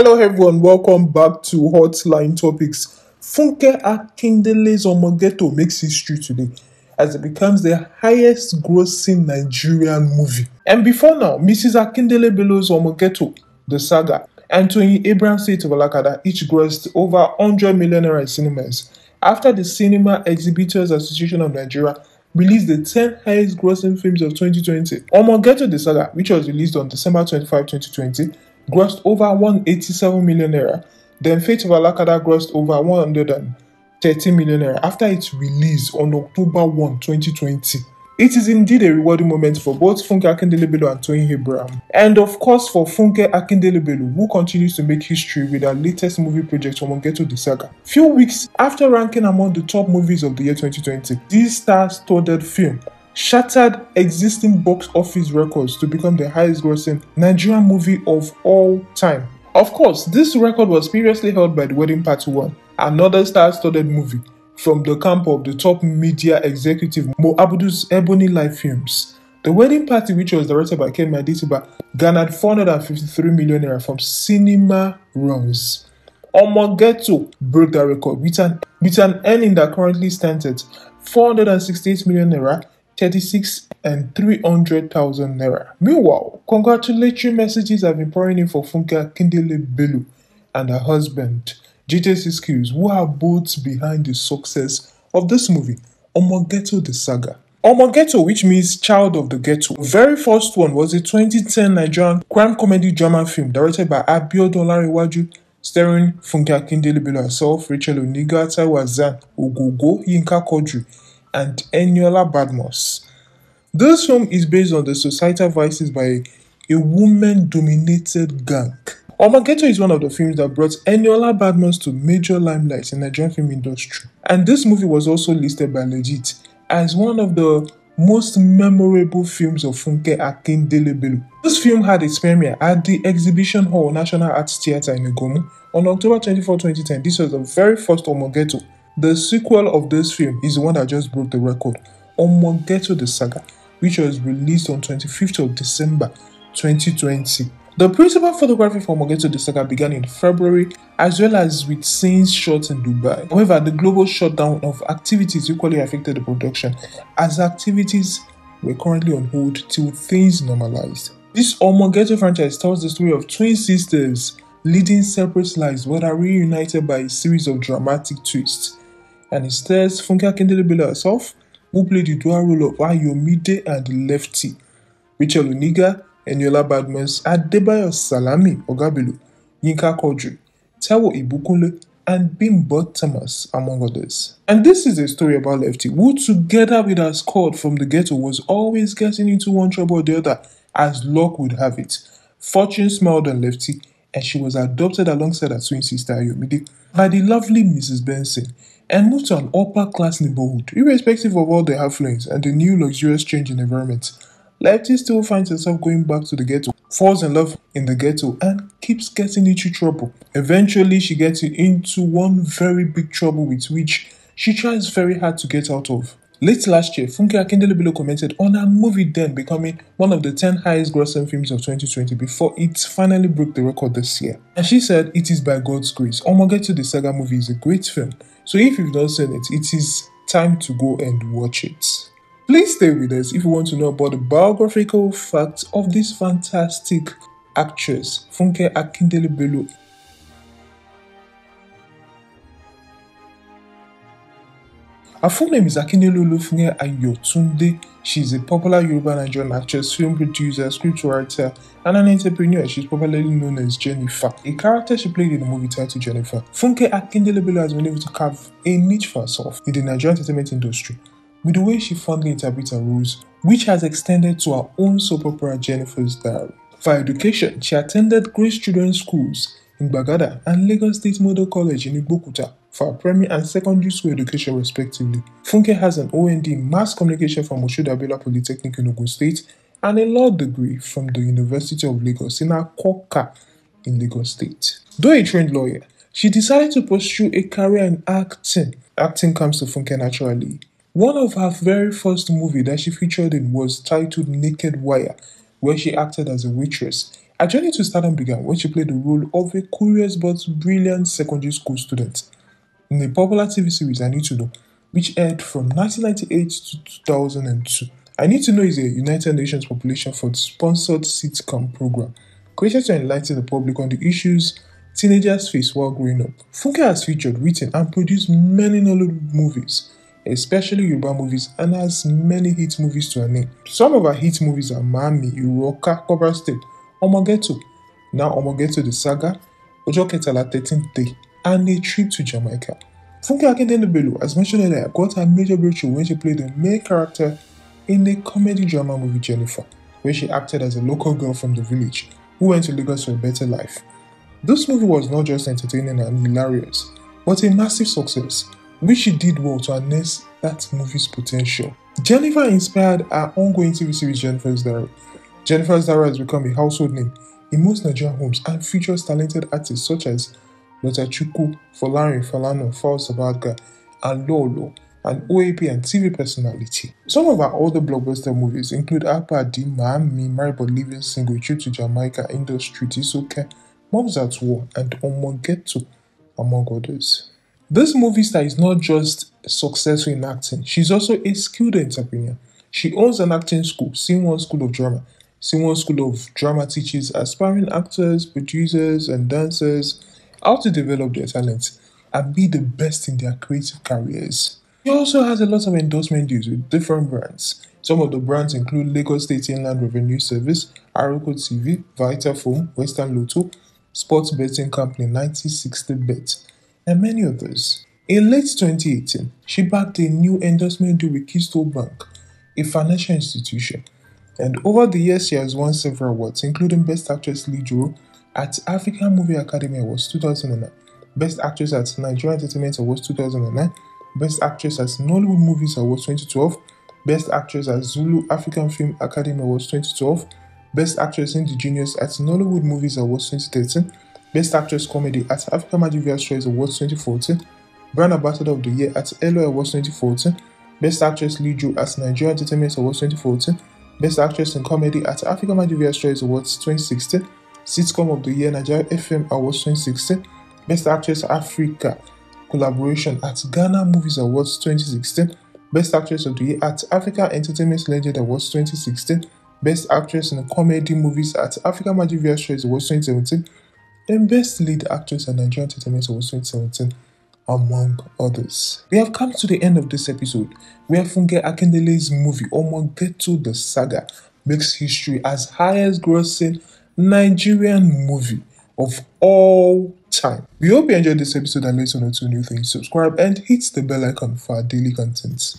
Hello, everyone. Welcome back to Hotline Topics. Funke Akindele's Omogeto makes history today as it becomes the highest grossing Nigerian movie. And before now, Mrs. Akindele Bellows Omogeto, The Saga, and Tony Abraham State of Alakada each grossed over 100 million naira in cinemas after the Cinema Exhibitors Association of Nigeria released the 10 highest grossing films of 2020. Omogeto The Saga, which was released on December 25, 2020, grossed over 187 million naira. Then Fate of Alakada grossed over 130 million naira after its release on October 1, 2020. It is indeed a rewarding moment for both Funke Akindelebelu and Toyin Abraham, and of course for Funke Akindelebelu, who continues to make history with her latest movie project, Omongeto the Saga. Few weeks after ranking among the top movies of the year 2020, this star-studded film shattered existing box office records to become the highest grossing Nigerian movie of all time. Of course, this record was previously held by The Wedding Party 1, another star studded movie from the camp of the top media executive Mo Abudu's Ebony Life Films. The Wedding Party, which was directed by Ken Maditiba, garnered 453 million naira from cinema runs. Omogeto broke that record with an, with an earning that currently stands at 468 million naira 36 and 300,000 naira. Meanwhile, congratulatory messages have been pouring in for Funke Kindele Belu and her husband, GTC Skills, who are both behind the success of this movie, Omogeto the Saga. Omogeto, which means Child of the Ghetto. The very first one was a 2010 Nigerian crime comedy drama film directed by Abiodun Olariwaju starring Funke Akindele Bello herself, Rachel Oniga, Taiwo Ogogo, Yinka Kodri, and Eniola Badmus. This film is based on the societal vices by a woman dominated gang. Omageto is one of the films that brought Eniola Badmus to major limelight in the Nigerian film industry, and this movie was also listed by Legit as one of the most memorable films of Funke Akindele Bello. This film had its premiere at the Exhibition Hall National Arts Theatre in Egomu on October 24, 2010. This was the very first Omogeto the sequel of this film is the one that just broke the record, Omogeto the Saga, which was released on 25th of December 2020. The principal photography for Omogeto the Saga began in February, as well as with scenes shot in Dubai. However, the global shutdown of activities equally affected the production, as activities were currently on hold till things normalized. This Omogeto franchise tells the story of twin sisters leading separate lives but are reunited by a series of dramatic twists and instead Funke Akindele-Bello herself, who played the dual role of Ayomide and Lefty. Rachel Uniga, Eniola Badmus, Adebayo Salami Ogabelu, Yinka Kodri, Taiwo Ibukunle, and Bimbo Thomas, among others. And this is a story about Lefty, who together with her squad from the ghetto was always getting into one trouble or the other, as luck would have it. Fortune smiled on Lefty, and she was adopted alongside her twin sister Ayomide by the lovely Mrs. Benson and moved to an upper class neighborhood. Irrespective of all the affluence and the new luxurious change in environment, Lefty still finds herself going back to the ghetto, falls in love in the ghetto, and keeps getting into trouble. Eventually, she gets into one very big trouble with which she tries very hard to get out of. Late last year, Funke Akindele-Bello commented on her movie then becoming one of the 10 highest grossing films of 2020 before it finally broke the record this year. And she said, It is by God's grace. Omogetu the Saga movie is a great film, so if you've not seen it, it is time to go and watch it. Please stay with us if you want to know about the biographical facts of this fantastic actress, Funke Akindele-Bello. Her full name is Akinelu Lufunye Ayotunde. She is a popular Yoruba Nigerian actress, film producer, scriptwriter, and an entrepreneur. She's popularly known as Jennifer, a character she played in the movie titled Jennifer. Funke Akindelebelu has been able to carve a niche for herself in the Nigerian entertainment industry with the way she fondly interprets her roles, which has extended to her own soap opera Jennifer's Diary. For education, she attended Grace Children's Schools in Bagada and Lagos State Model College in Igbokuta for her primary and secondary school education respectively. Funke has an OND in Mass Communication from Moshood Abiola Polytechnic in Ogun State and a law degree from the University of Lagos in Akoka in Lagos State. Though a trained lawyer, she decided to pursue a career in acting. Acting comes to Funke naturally. One of her very first movie that she featured in was titled Naked Wire, where she acted as a waitress. Her journey to stardom began when she played the role of a curious but brilliant secondary school student in a popular TV series I Need to Know, which aired from 1998 to 2002. I Need to Know is a United Nations Population Fund sponsored sitcom program created to enlighten the public on the issues teenagers face while growing up. Funke has featured, written, and produced many Nollywood movies, especially Yoruba movies, and has many hit movies to her name. Some of her hit movies are Mami, Iroka, Cobra State, Omogeto, now Omogeto the Saga, Ojo Ketala 13th Day, and a trip to Jamaica. Funke akindele as mentioned earlier, got her major breakthrough when she played the main character in the comedy drama movie Jennifer, where she acted as a local girl from the village who went to Lagos for a better life. This movie was not just entertaining and hilarious, but a massive success, which she did well to harness that movie's potential. Jennifer inspired our ongoing TV series Jennifer's Diary. Jennifer's Diary has become a household name in most Nigerian homes and features talented artists such as Lotachukwu, Folarin Falano, Falsabaga, and Lolo, an OAP and TV personality. Some of her other blockbuster movies include Apadi, Miami, Maribor Living Single, Trip to Jamaica, Industry, Tisoke, Moms at War, and Omogeto, among others. This movie star is not just successful in acting, she's also a skilled entrepreneur. She owns an acting school, Sinwon School of Drama. Sinwon School of Drama teaches aspiring actors, producers, and dancers how to develop their talents and be the best in their creative careers. He also has a lot of endorsement deals with different brands. Some of the brands include Lagos State Inland Revenue Service, Aruco TV, Vita Foam, Western Lotto, sports betting company 1960bet, and many others. In late 2018, she backed a new endorsement deal with Keystone Bank, a financial institution, and over the years she has won several awards, including Best Actress Lee Role at African Movie Academy Awards 2009, Best Actress at Nigerian Entertainment Awards 2009, Best Actress at Nollywood Movies Awards 2012, Best Actress at Zulu African Film Academy Awards 2012, Best Actress Indigenous at Nollywood Movies Awards 2013, Best Actress Comedy at Africa Movie Choice Awards 2014, Brand Ambassador of the Year at Elo Awards 2014, Best Actress Lijo at Nigerian Entertainment Awards 2014, Best Actress in Comedy at Africa Movie Choice Awards 2016, Sitcom of the Year, Nigeria FM Awards 2016, Best Actress Africa Collaboration at Ghana Movies Awards 2016, Best Actress of the Year at Africa Entertainment Legend Awards 2016, Best Actress in Comedy Movies at Africa Magic Awards 2017, and Best Lead Actress at Nigeria Entertainment Awards 2017 among others. We have come to the end of this episode, where Funke Akindele's movie Omo the Saga makes history as highest grossing Nigerian movie of all time. We hope you enjoyed this episode and learned one or two new things. Subscribe and hit the bell icon for our daily content.